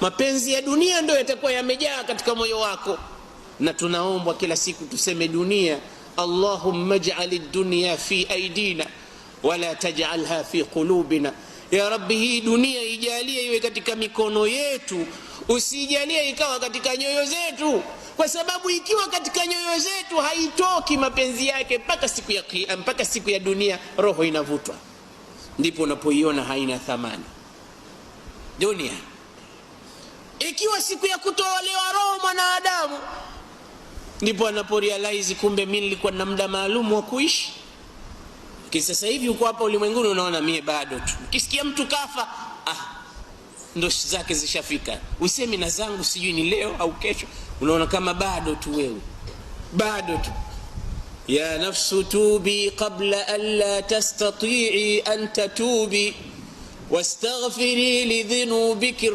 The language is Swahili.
mapenzi ya dunia ndio yatakuwa yamejaa katika moyo wako na tunaombwa kila siku tuseme dunia allahumma jali dunya fi aidina wala tajalha fi qulubina ya rabbi hii dunia ijalie iwe katika mikono yetu usijalie ikawa katika nyoyo zetu kwa sababu ikiwa katika nyoyo zetu haitoki mapenzi yake mpaka siku ya, mpaka siku ya dunia roho inavutwa ndipo unapoiona haina thamani dunia ikiwa siku ya kutoolewa roho mwanadamu, ndipo anaporealize kumbe mi nilikuwa na muda maalum wa kuishi. Sasa hivi uko hapa ulimwenguni unaona mie bado tu. Ukisikia mtu kafa, ah, ndo zake zishafika. Usemi na zangu sijui ni leo au kesho, unaona kama bado tu wewe, bado tu ya nafsu tubi qabla anla tastatii an tatubi wastaghfiri lidhunubiki